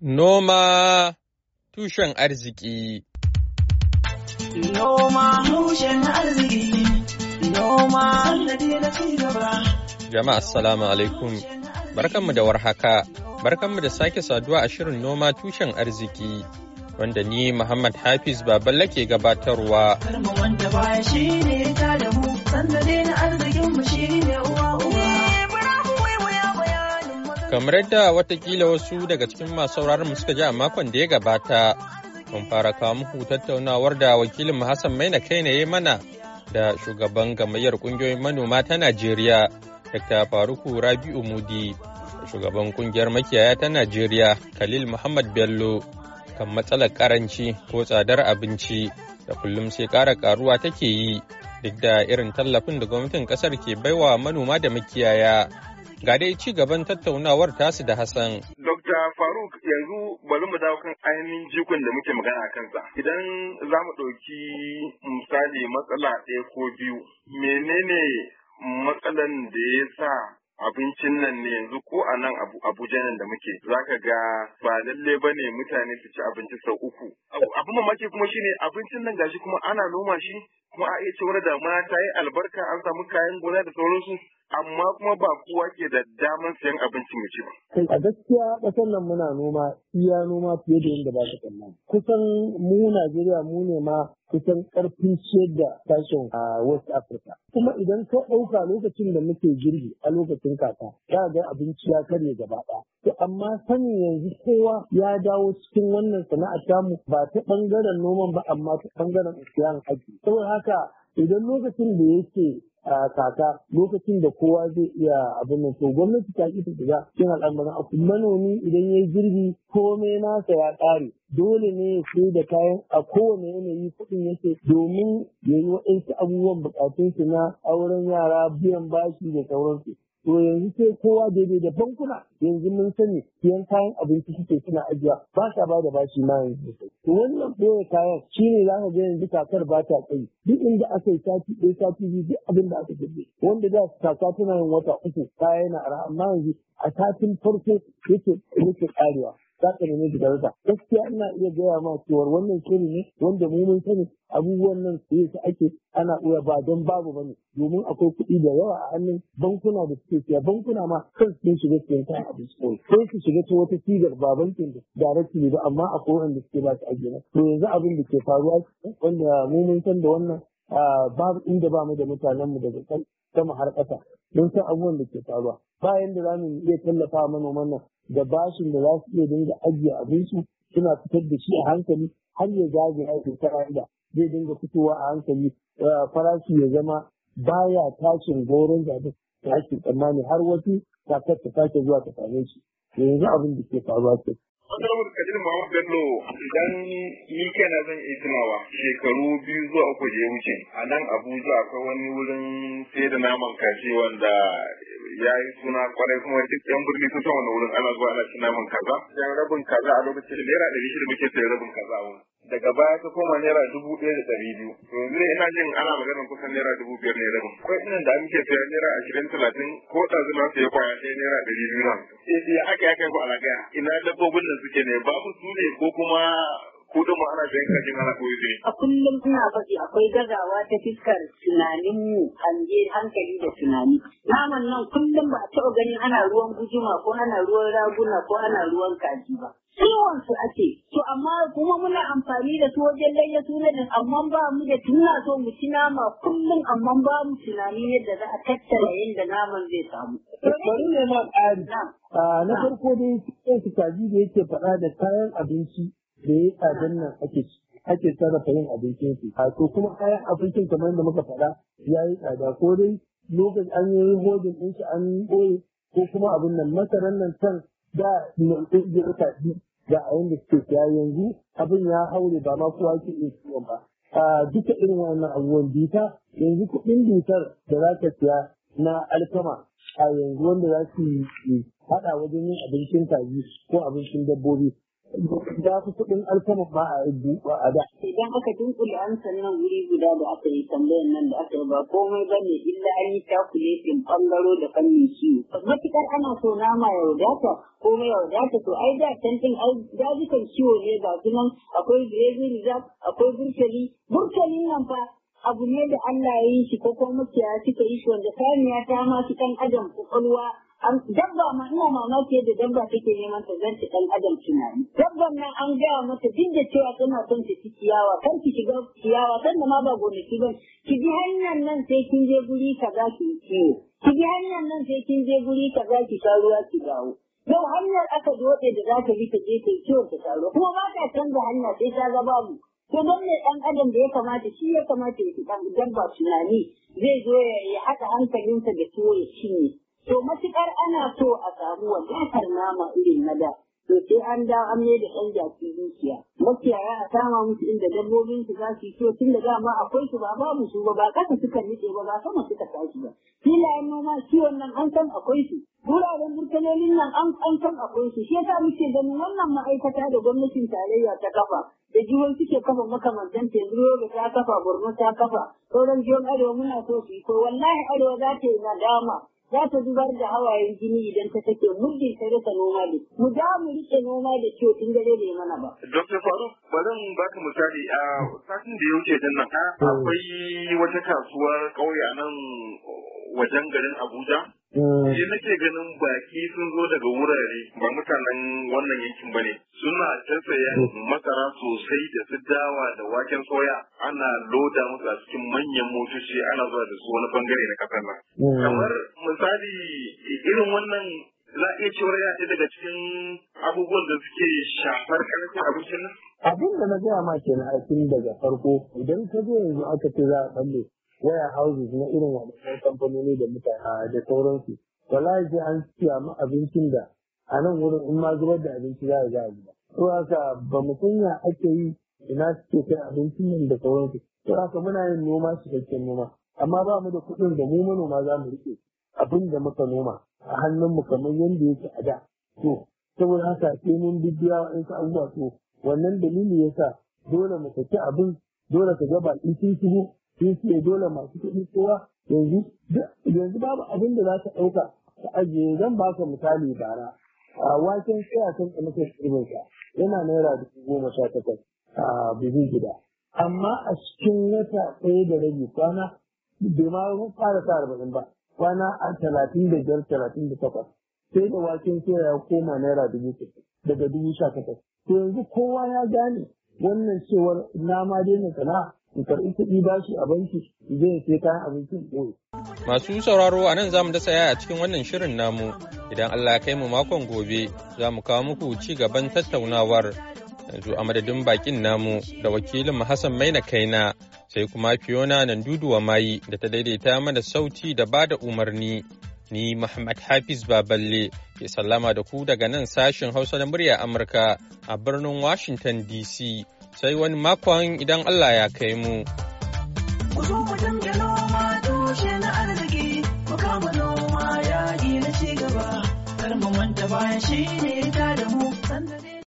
Noma tushen arziki Noma tushen arziki Noma na Jama'a assalamu alaikum barkanmu da warhaka barkanmu da sake saduwa a shirin noma tushen arziki wanda ni Muhammad Hafiz Baballa ke gabatarwa. Karma wanda baya shi ne ta da mu, sanda na arzikin mu shi ne uwa Kamar yadda watakila wasu daga cikin masu sauraron mu suka ji a makon da ya gabata, mun fara kawo muku tattaunawar da wakilin Hassan Maina kai ne mana da shugaban gamayyar kungiyoyin manoma ta Najeriya, Dr. Faruku Rabi'u Mudi, shugaban kungiyar makiyaya ta Najeriya, Khalil Muhammad Bello, kan matsalar karanci ko tsadar abinci da kullum sai ƙara karuwa take yi duk da irin tallafin da gwamnatin ƙasar ke baiwa manoma da makiyaya. Ga dai ci gaban tattaunawar tasu da Hassan. Dr. Faruk yanzu bari mu dawo kan ainihin jikon da muke magana a kansa. Idan za mu ɗauki misali matsala ɗaya ko biyu, menene matsalan da ya sa abincin nan ne yanzu ko a nan abuja nan da muke za ka ga ba lalle ba ne mutane su ci abinci sau uku abu mamaki kuma shine abincin nan gashi kuma ana noma shi kuma a iya cewa damuna ta yi albarka an samu kayan gona da sauransu amma kuma ba kowa ke da damar sayan abinci mai ci ba. Kai a gaskiya ƙasar nan muna noma iya noma fiye da yadda ba su kalla. Kusan mu Najeriya mu ne ma kusan ƙarfin ciyar da sashen a West Africa. Kuma idan ka ɗauka lokacin da muke girbi a lokacin kaka za ga abinci ya karye gaba ɗaya. To amma sanin yanzu kowa ya dawo cikin wannan sana'a tamu ba ta ɓangaren noman ba amma ta ɓangaren siyan aiki. Saboda haka haka idan lokacin da yake kaka lokacin da kowa zai iya abin nan gwamnati ta ki shiga cikin al'amarin abu manomi idan ya yi girbi komai nasa ya ƙare dole ne ya sai da kayan a kowane yanayi kuɗin yake domin ya yi waɗansu abubuwan buƙatunsu na auren yara biyan bashi da sauransu to yanzu sai kowa daidai da bankuna yanzu mun sani siyan kayan abinci suke suna ajiya ba sa ba da bashi ma yanzu to wannan ɓoye kayan shine za ka ga yanzu kakar ba ta tsayi duk inda aka yi sati ɗaya sati biyu duk abin da aka girbe wanda da kaka tana yin wata uku kaya yana amma yanzu a satin farko yake yake karewa za ka nemi ki rasa gaskiya ina iya gaya ma cewa wannan shiri ne wanda mu mun sani abubuwan nan su su ake ana uya ba don babu bane domin akwai kuɗi da yawa a hannun bankuna da suke siya bankuna ma kan sun shiga siyan kayan abinci kawai sai su shiga ta wata sigar ba bankin da daraki ne ba amma akwai wanda suke ba su ajiye to yanzu abin da ke faruwa wanda mu mun san da wannan ah, babu inda ba mu da mutanen mu daga kan sama har ƙasa don san abubuwan da ke faruwa ba da za mu iya tallafa manoman nan da bashin da za su iya dinga ajiye abinci suna fitar da shi a hankali har ya zagaya shekara da zai dinga fitowa a hankali eh, farashi ya zama baya tashin goron zaɓe da ake tsammani har wasu kakar ta sake zuwa ta same shi yanzu abin da ke faruwa ke Wata rabar Kadir Muhammad Bello idan ni kenan zan iya tunawa shekaru biyu zuwa uku da ya wuce a nan Abuja akwai wani wurin sai da naman kaji wanda ya yi suna kwarai kuma duk yan birni sun san wani wurin ana zuwa ana cin naman kaza. Yan rabin kaza a lokacin naira ɗari shida muke sayan rabin kaza a wurin. daga baya ta koma naira dubu ɗaya da ɗari biyu yanzu ina jin ana maganar kusan naira dubu biyar ne rabin akwai inan da muke saya naira ashirin talatin ko zuma su ya kwaya sai naira ɗari biyu na eh ya eh, aka ya kai ku alaƙa ina dabbobin da suke ne babu su ne ko kuma ko ana biyan kashin ana koyi ne. A kullum suna faɗi akwai gazawa ta fiskar tunanin mu hange hankali da tunani. Naman nan kullum ba a taɓa ganin ana ruwan gujima, ko ana ruwan raguna ko ana ruwan kaji ba. Ciwon su ake, to amma kuma muna amfani da su wajen layya sunanin amma ba mu da tuna so mu ci nama kullum amma ba mu tunani yadda za a tattara yadda naman zai samu. Bari ne ƙari. Ah, na farko dai sai su kaji da yake faɗa da kayan abinci da ya tsadan nan ake ake sarrafa yin abincin su a to kuma kayan abincin kamar da muka faɗa ya yi tsada ko dai lokacin an yi hodin ɗin shi an ɓoye ko kuma abin nan masarar nan can da nau'in da ta da a yanda suke siya. yanzu abin ya haure ba ma kowa ke iya ba a duka irin wannan abubuwan bita yanzu kuɗin bitar da za ka siya na alkama a yanzu wanda za su haɗa wajen yin abincin kaji ko abincin dabbobi da fi kuɗin alkaman ba a ba a da. Idan aka dunkule an sannan wuri guda da aka yi tambayar nan da aka yi ba komai ba ne illa an yi takuletin ɓangaro da fannin kiwo. Matuƙar ana so nama ya wadata komai ya wadata to ai da tantin ɗin ai dajikan kiwo ne ga su nan akwai Brazil Reserve akwai Burtali. Burtalin nan fa abu ne da Allah ya yi shi ko kuma mutiya suka yi shi wanda saniya ta ma su kan adam kwakwalwa dabba ma ina mamaki yadda dabba take neman ta zanci dan adam tunani dabban nan an gaya mata duk da cewa tana son ta ci ciyawa kan ki shiga ciyawa sanda ma ba gonaki ba ki ji hanyar nan sai kin je guri za ki ciwo ki ji hanyar nan sai kin je guri za ki sha ruwa ki dawo yau hanyar aka dode da za ka bi ta je ta yi ciwon ta taro kuma ba ta canza hanya sai ta ga babu ko don ne dan adam da ya kamata shi ya kamata ya fi dabba tunani zai zo ya haɗa hankalinsa da ciwo ya cinye to matuƙar ana so a samu wadatar nama irin na da to sai an da an mai da ɗan jaki dukiya makiyaya a kama musu inda dabbobin su za su yi to tun da dama akwai su ba babu su ba ba ƙasa suka nitse ba ba sama suka tashi ba filayen noma ciwon nan an san akwai su wuraren burtalolin nan an an san akwai su shi yasa muke ganin wannan ma'aikata da gwamnatin tarayya ta kafa da jiwon suke kafa makamantan tezuro da ta kafa borno ta kafa sauran jiwon arewa muna so su yi To wallahi arewa za ta yi nadama za ta zubar da hawayen jini idan ta take muddin ta rasa noma da mu za mu rike noma da ciwo tun dare bai mana ba. Dr. Faruk bari mu ka misali a satin da ya wuce din nan akwai wata kasuwar ƙauye a nan wajen garin Abuja Shi mm. nake ganin baki sun zo daga wurare ba mutanen wannan yankin ba ne. Suna tattaya mm. masara sosai da su dawa da waken soya ana loda musu a cikin manyan motoci ana zuwa da su wani bangare na kasar nan. Mm. Kamar misali irin wannan za iya cewar ya daga cikin abubuwan da suke shafar karfin abincin nan? Abin da na gaya ma kenan a cikin daga farko idan ka zo yanzu aka ce za a tsalle Waya warehouses na irin waɗannan kamfanoni da mutane ah, da sauransu wallahi sai an siya abincin da a nan wurin in ma zubar da abinci za a ga a to haka ba mu sanya ake yi ina suke kai abincin nan da sauransu to haka muna yin noma cikakken noma amma ba mu da kuɗin da mu manoma za mu riƙe abin da muka noma a hannun mu kamar yadda yake a da to saboda haka sai mun bibiya waɗansu abubuwa to wannan dalili yasa dole mu saki abin dole ka ga baƙi sun shigo sun ce dole masu kuɗi kowa yanzu yanzu babu abin da za ta ɗauka ta ajiye zan ka misali bara a waken tsaya kan kamata shirinsa yana naira dubu goma sha takwas a buhun gida amma a cikin wata ɗaya da rabi kwana da ma fara sa arba'in ba kwana a talatin da biyar talatin da takwas sai da waken tsaya ya koma naira dubu daga dubu sha takwas yanzu kowa ya gane wannan cewar na ma daina sana'a in karɓi kuɗi shi a banki zai sai kayan abincin ɓoye. Masu sauraro a nan za zamu dasa yaya cikin wannan shirin namu idan Allah ya kai mu makon gobe za mu kawo muku ci gaban tattaunawar yanzu a madadin bakin namu da wakilin Hassan Maina Kaina sai kuma Fiona duduwa Mayi da ta daidaita mana sauti da ba da umarni. Ni Muhammad Hafiz Baballe ke sallama da ku daga nan sashen Hausa na murya Amurka a birnin Washington DC. sai wani makon idan Allah ya kai mu. Ku zo mu noma tushe na arziki, mu kama noma yaƙi na ci gaba, kar mu manta bayan shi ne